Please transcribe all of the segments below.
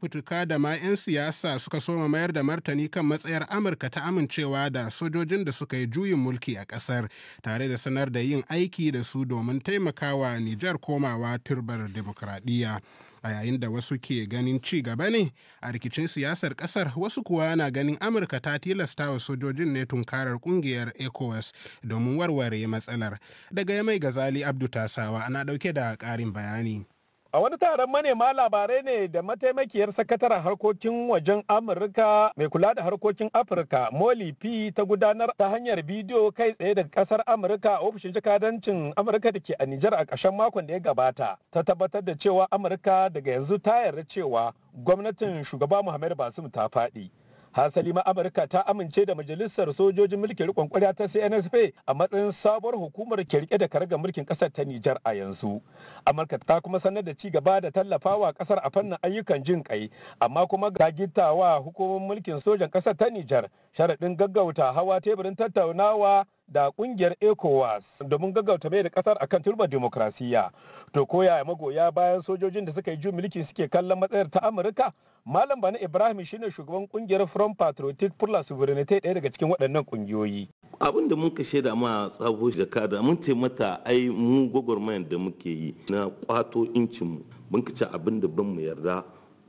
fafutuka da ma 'yan siyasa suka soma mayar da martani kan matsayar amurka ta amincewa da sojojin da suka yi juyin mulki a ƙasar tare da sanar da yin aiki da su domin taimakawa nijar komawa turbar demokradiyya a yayin da wasu ke ganin ci gaba ne a rikicin siyasar kasar wasu kuwa na ganin amurka ta tilasta wa sojojin ne tunkarar kungiyar ecowas domin warware matsalar daga ya mai gazali abdu tasawa ana dauke da karin bayani A wani taron manema labarai ne da mataimakiyar sakataren harkokin wajen Amurka mai kula da harkokin Afirka Molly P ta gudanar ta hanyar bidiyo kai tsaye daga kasar Amurka a ofishin jakadancin Amurka da ke a Nijar a ƙarshen makon da ya gabata. Ta tabbatar da cewa Amurka daga yanzu ta yarda cewa gwamnatin shugaba Muhammadu Basim ta faɗi. hasali ma amurka ta amince da majalisar sojojin mulkin rikon kwarya ta cnsp a matsayin sabuwar hukumar ke rike da karga mulkin kasar ta nijar a yanzu amurka ta kuma sanar da ci gaba da wa kasar a fannin ayyukan jin kai amma kuma ga wa hukumar mulkin sojan kasar ta nijar sharaɗin gaggauta hawa teburin tattaunawa da kungiyar ECOWAS domin gaggauta mai da kasar akan turba demokrasiya. To koya ya magoya bayan sojojin da suka yi ju mulki suke kallon matsayar ta Amurka? Malam Bani Ibrahim shine shugaban kungiyar Front Patriotic pour la Souveraineté ɗaya daga cikin waɗannan kungiyoyi. Abin da muka shaida ma tsabo jakada mun ce mata ai mu gwagwarmayar da muke yi na kwato incinmu mun ci abin da ban mu yarda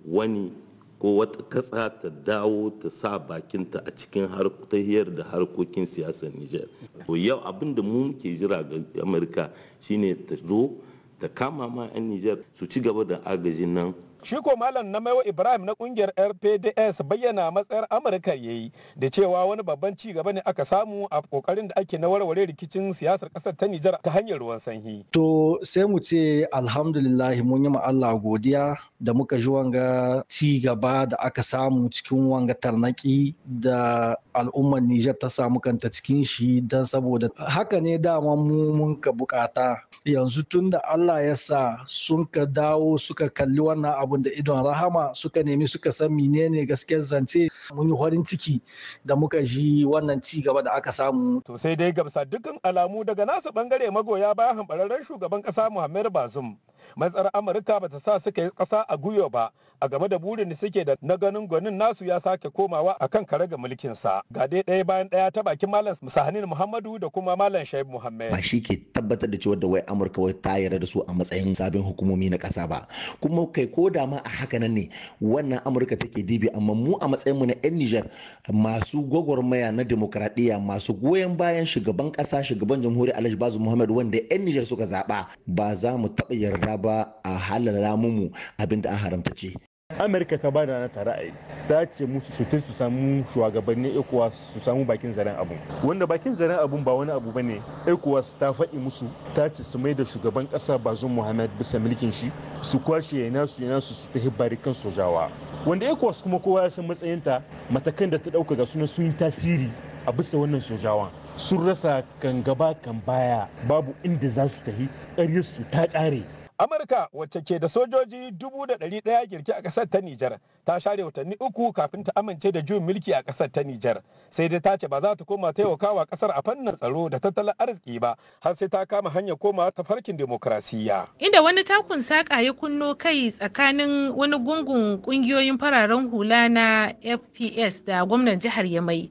wani ko wata katsa ta dawo ta sa bakinta a cikin tahiyar da harkokin siyasar Nijar. To yau abin da mu ke jira ga Amurka shine ta zo ta kama ma 'yan Nijar su ci gaba da agajin nan Shi ko malam na maiwa Ibrahim na kungiyar RPDS bayyana matsayar Amurka ya yi da cewa wani babban ci gaba ne aka samu a kokarin da ake na warware rikicin siyasar kasar ta Nijar ta hanyar ruwan sanyi. To sai mu ce alhamdulillah mun yi ma Allah godiya da muka ji wanga ci gaba da aka samu cikin wanga tarnaki da al'ummar Nijar ta samu kanta cikin shi don saboda haka ne dama mu mun ka bukata yanzu tun da Allah ya sa sun ka dawo suka kalli wannan abu abin da idon rahama suka nemi suka san menene gaskiyar zance mun yi farin ciki da muka ji wannan ci gaba da aka samu to sai dai gamsa dukkan alamu daga nasa bangare magoya bayan hambararren shugaban kasa Muhammad Bazum matsar amurka ba ta sa suka yi kasa a guyo ba a game da burin da suke da na ganin gwanin nasu ya sake komawa a kan kare ga mulkinsa ga dai ɗaya bayan ɗaya ta bakin malam sahanin muhammadu da kuma malam shaib muhammad ba shi ke tabbatar da cewa da wai amurka wai ta yarda da su a matsayin sabon hukumomi na ƙasa ba kuma kai ko da ma a haka nan ne wannan amurka take dibi amma mu a matsayin mu na yan niger masu gwagwarmaya na demokradiyya masu goyon bayan shugaban ƙasa shugaban jamhuriyar alhaji bazu muhammad wanda yan niger suka zaɓa ba za mu taɓa yarda ba a halala mu abinda an haramta ce amurka ka bada na ta ra'ayi ta ce musu su su samu shugabanni ecowas su samu bakin zaren abu. wanda bakin zaren abun ba wani abu ba ne ecowas ta faɗi musu ta ce su mai da shugaban ƙasa bazum muhammad bisa mulkin shi su kwashe ya nasu ya nasu su tafi barikan sojawa wanda ecowas kuma kowa ya san matsayinta matakan da ta ɗauka ga suna sun yi tasiri a bisa wannan sojawa sun rasa kan gaba kan baya babu inda za su tafi ƙaryar su ta ƙare Amurka wacce ke da sojoji dubu da ɗari ɗaya girki a ƙasar ta Nijar ta share watanni uku kafin ta amince da juyin mulki a ƙasar ta Nijar sai dai ta ce ba za ta koma taimakawa ƙasar a fannin tsaro da tattalin arziki ba har sai ta kama hanyar koma ta farkin demokrasiyya. Inda wani takun saƙa ya kunno kai tsakanin wani gungun ƙungiyoyin fararen hula na FPS da gwamnan jihar Yamai.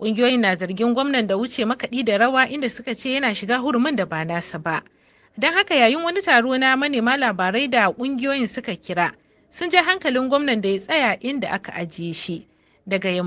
Ƙungiyoyin na zargin gwamnan da wuce makaɗi da rawa inda suka ce yana shiga hurumin da ba nasa ba. Don haka yayin wani taro na manema labarai da ƙungiyoyin suka kira, sun je hankalin gwamnan da ya tsaya inda aka ajiye shi. Daga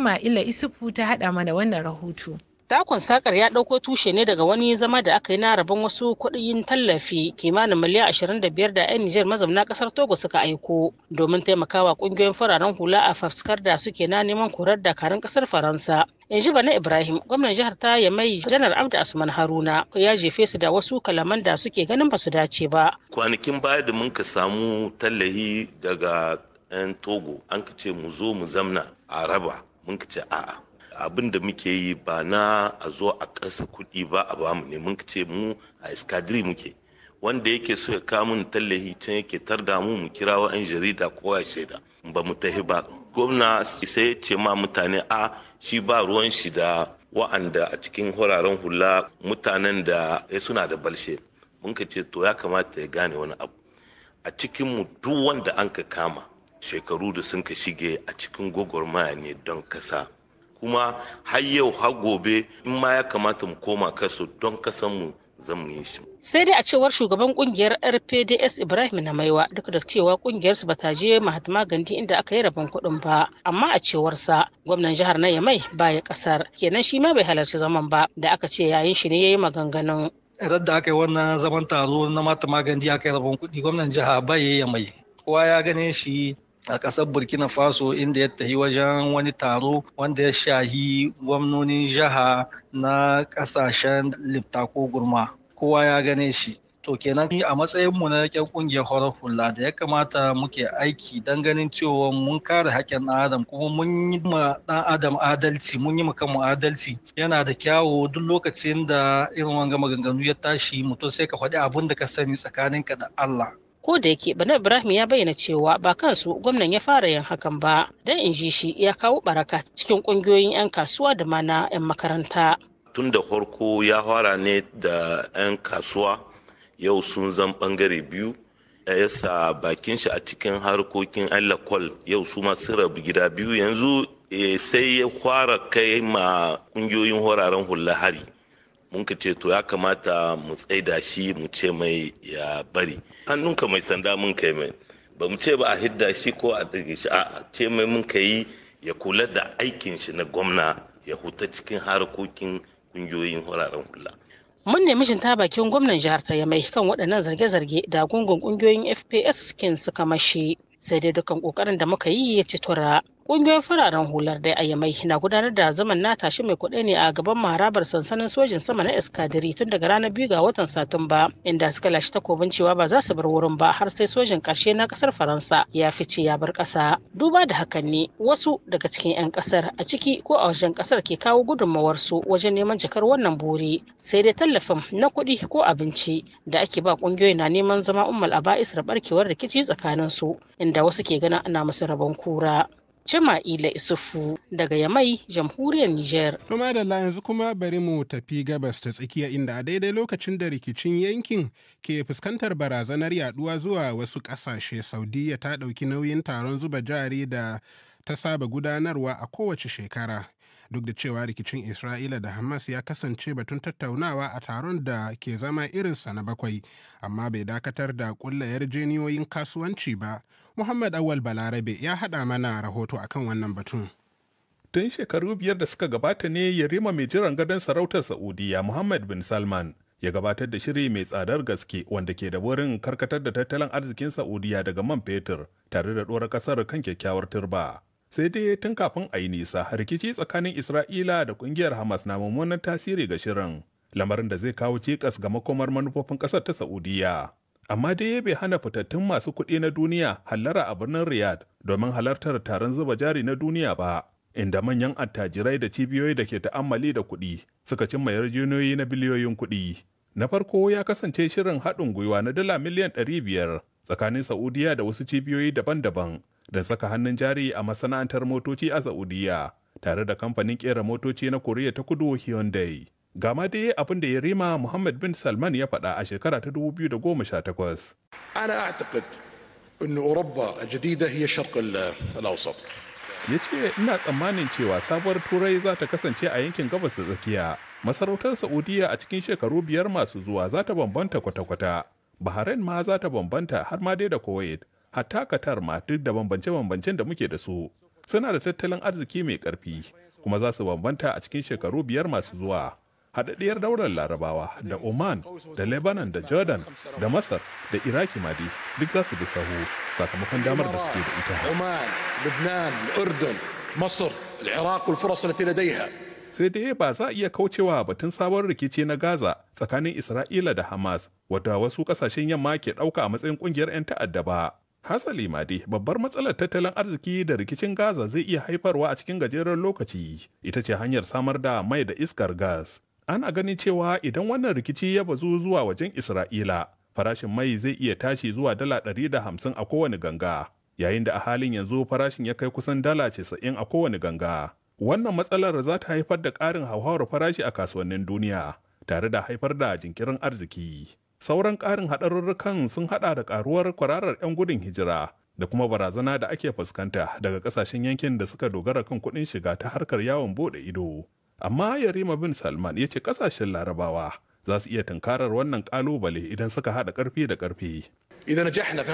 ma ila Isufu ta haɗa mana wannan rahoto. Takon sakar ya ɗauko tushe ne daga wani zama da aka yi na rabon wasu kuɗin tallafi kimanin miliyan 25 da 'yan Nijar mazauna ƙasar Togo suka aiko domin taimakawa ƙungiyoyin fararen hula a faskar da suke na neman korar karin ƙasar Faransa. In ji Bana Ibrahim, gwamnan jihar ta ya mai janar Abdu Asman Haruna ya jefe su da wasu kalaman da suke ganin ba su dace ba. Kwanakin baya da mun ka samu tallahi daga 'yan Togo an ka ce mu zo mu zamna a raba mun ka ce a'a abin da muke yi ba na a zo a ƙasa kuɗi ba a bamu ne mun ce mu a iskadiri muke wanda yake so ya kawo mun tallahi can yake tar da mu mu kira wa 'yan jarida ko ya shaida ba mu tahi ba gwamna sai ya ce ma mutane a shi ba ruwan shi da wa'anda a cikin huraren hula mutanen da ya eh suna da balshe mun ka ce to ya kamata ya gane wani abu a cikin mu duk wanda an ka kama shekaru da sun ka shige a cikin gwagwarmaya ne don kasa kuma har yau har gobe in ma ya kamata mu koma kasu don kasanmu zamu yi shi. Sai dai a cewar shugaban kungiyar RPDS Ibrahim na maiwa duk da cewa kungiyar su bata je Mahatma Gandhi inda aka yi rabon kuɗin ba amma a cewar sa gwamnan jihar na Yamai ya kasar kenan shi ma bai halarci zaman ba da aka ce yayin shi ne yayi maganganun da aka yi wannan zaman taro na Mahatma Gandhi aka yi rabon kuɗi gwamnan jiha bai ya mai kowa ya gane shi a ƙasar burkina faso inda ya tafi wajen wani taro wanda ya shahi gwamnonin jiha na ƙasashen ko gurma kowa ya gane shi to kenan a matsayinmu na yakin kungiyar horar hula da ya kamata muke aiki don ganin cewa mun kare haƙƙin ɗan adam kuma mun yi ma ɗan adam adalci mun yi ma kanmu adalci yana da kyawu duk lokacin da irin wanga maganganu ya tashi mutum sai ka faɗi abin da ka sani tsakaninka da Allah ko da yake bana ibrahim ya bayyana cewa ba kansu gwamnan ya fara yin hakan ba dan in ji shi ya kawo baraka cikin kungiyoyin 'yan kasuwa da mana 'yan makaranta tun da farko ya fara ne da 'yan kasuwa yau sun zan bangare biyu yasa bakin shi a cikin harkokin allakwal yau su masu rabu gida biyu yanzu eh, sai ya fara kai ma kungiyoyin horaren hula hari mun ka ce to ya kamata mu tsaida shi mu ce mai ya bari hannunka mai sanda mun kai mai ba mu ce ba a hidda shi ko a ɗage shi a ce mai mun ka yi ya kula da aikin shi na gwamna ya huta cikin harkokin kungiyoyin wuraren hula mun nemi shi ta bakin gwamnan jihar ta yamai kan waɗannan zarge-zarge da gungun kungiyoyin fps kin suka mashi sai dai dukan kokarin da muka yi ya ci tura Ƙungiyoyin fararen hular da a Yamai na gudanar da zaman na tashi mai kuɗi ne a gaban maharabar sansanin sojin sama na Eskadiri tun daga ranar biyu ga watan Satumba inda suka lashe takobin cewa ba za su bar wurin ba har sai sojin karshe na ƙasar Faransa ya fice ya bar ƙasa. Duba da hakan ne wasu daga cikin 'yan ƙasar a ciki ko a wajen ƙasar ke kawo su wajen neman jakar wannan buri sai dai tallafin na kuɗi ko abinci da ake ba ƙungiyoyi na neman zama ummal a ba'isar barkewar rikici tsakanin su inda wasu ke ganin ana musu rabon kura. ila Isufu daga Yamai, Jamhuriyar Nijar. Kuma da yanzu kuma bari mu tafi gabas ta tsakiya inda a daidai lokacin da rikicin yankin ke fuskantar barazanar yaduwa zuwa wasu ƙasashe Saudiya ta ɗauki nauyin taron zuba jari da ta saba gudanarwa a kowace shekara. duk da cewa rikicin isra'ila da hamas ya kasance batun tattaunawa a taron da ke zama irinsa na bakwai amma bai dakatar da kulla yarjeniyoyin kasuwanci ba muhammad awal balarabe ya haɗa mana rahoto akan wannan batun tun shekaru biyar da suka gabata ne yarima mai jiran gadon sarautar saudiya muhammad bin salman ya gabatar da shiri mai tsadar gaske wanda ke da wurin karkatar da tattalin arzikin saudiya daga man fetur tare da ɗora ƙasar kan kyakkyawar turba sai dai tun kafin a yi nisa rikici tsakanin isra'ila da kungiyar hamas na mummunan tasiri ga shirin lamarin da zai kawo cikas ga makomar manufofin kasar ta saudiya amma dai ya bai hana fitattun masu kuɗi na duniya hallara a birnin riyadh domin halartar taron zuba jari na duniya ba inda manyan attajirai da cibiyoyi da ke ta'ammali da kuɗi suka cimma yarjejeniyoyi na biliyoyin kuɗi na farko ya kasance shirin haɗin gwiwa na dala miliyan ɗari biyar tsakanin saudiya da wasu cibiyoyi daban-daban da saka hannun jari a masana'antar motoci a Saudiya tare da kamfanin kera motoci na Koriya ta Kudu Hyundai. Gama dai abin da ya rima Muhammad bin Salman ya faɗa a shekara ta 2018. Ana أعتقد أن أوروبا الجديدة هي الشرق الأوسط. ya ce ina tsammanin cewa sabuwar turai za ta kasance a yankin gabas da tsakiya masarautar saudiya a cikin shekaru biyar masu zuwa za ta bambanta kwata-kwata bahrain ma za ta bambanta har ma dai da kuwait A takatar ma da bambance-bambancen da muke da su suna da tattalin arziki mai ƙarfi kuma za su bambanta a cikin shekaru biyar masu zuwa haɗaɗɗiyar daular larabawa da oman da lebanon da jordan da masar da iraki ma duk za su bi sahu sakamakon damar da suke da ita urdun masar sai dai ba za a iya kaucewa batun sabon rikici na Gaza tsakanin Isra'ila da Hamas wadda wasu kasashen yamma ke ɗauka a matsayin ƙungiyar 'yan ta'adda ba. hasali ma dai babbar matsalar tattalin arziki da rikicin gaza zai iya haifarwa a cikin gajeren lokaci ita ce hanyar samar da mai da iskar gas ana ganin cewa idan wannan rikici ya bazu zuwa wajen isra'ila farashin mai zai iya tashi zuwa dala ɗari da hamsin a kowane ganga yayin da a halin yanzu farashin ya kai kusan dala 90 a kowane ganga wannan matsalar za ta haifar da ƙarin hauhawar farashi a kasuwannin duniya tare da haifar da jinkirin arziki sauran ƙarin haɗarurrukan sun haɗa da ƙaruwar kwararar 'yan gudun hijira da kuma barazana da ake fuskanta daga ƙasashen yankin da suka dogara kan kuɗin shiga ta harkar yawon buɗe ido amma yarima bin salman ya ce ƙasashen larabawa za su iya tunkarar wannan kalubale idan suka haɗa ƙarfi da ƙarfi إذا نجحنا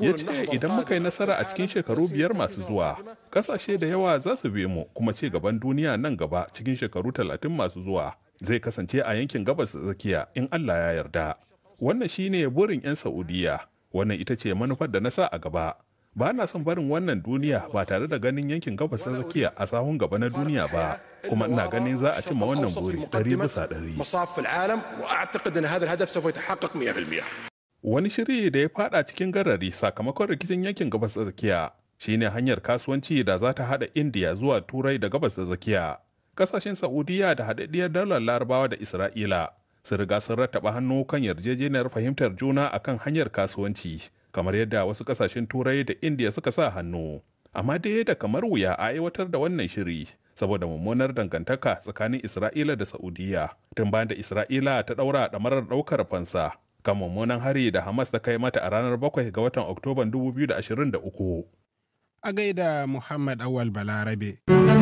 yace idan muka yi nasara a cikin shekaru biyar masu zuwa kasashe da yawa za su bi mu kuma ci gaban duniya nan gaba cikin shekaru talatin masu zuwa zai kasance a yankin gabas da tsakiya in Allah ya yarda. Wannan shine burin 'yan sa'udiyya wannan ita ce manufar da na sa a gaba. ba na son barin wannan duniya ba tare da ganin yankin gabas tsakiya a sahun gaba na duniya ba kuma ina ganin za a cimma wannan buri ɗari bisa ɗari. Wani shiri da ya fada cikin garari sakamakon rikicin yankin gabas tsakiya shine hanyar kasuwanci da za ta haɗa Indiya zuwa Turai da gabas da tsakiya. kasashen saudiya da haɗaɗɗiyar dalar larabawa da isra'ila sun riga sun rattaba hannu kan yarjejeniyar fahimtar juna akan hanyar kasuwanci kamar yadda wasu kasashen turai da indiya suka sa hannu amma dai da kamar wuya a aiwatar da wannan shiri saboda mummunar dangantaka tsakanin isra'ila da saudiya tun bayan da isra'ila ta ɗaura ɗamarar ɗaukar fansa kan mummunan hari da hamas ta kai mata a ranar 7 ga watan oktoban 2023 a gaida muhammad awal balarabe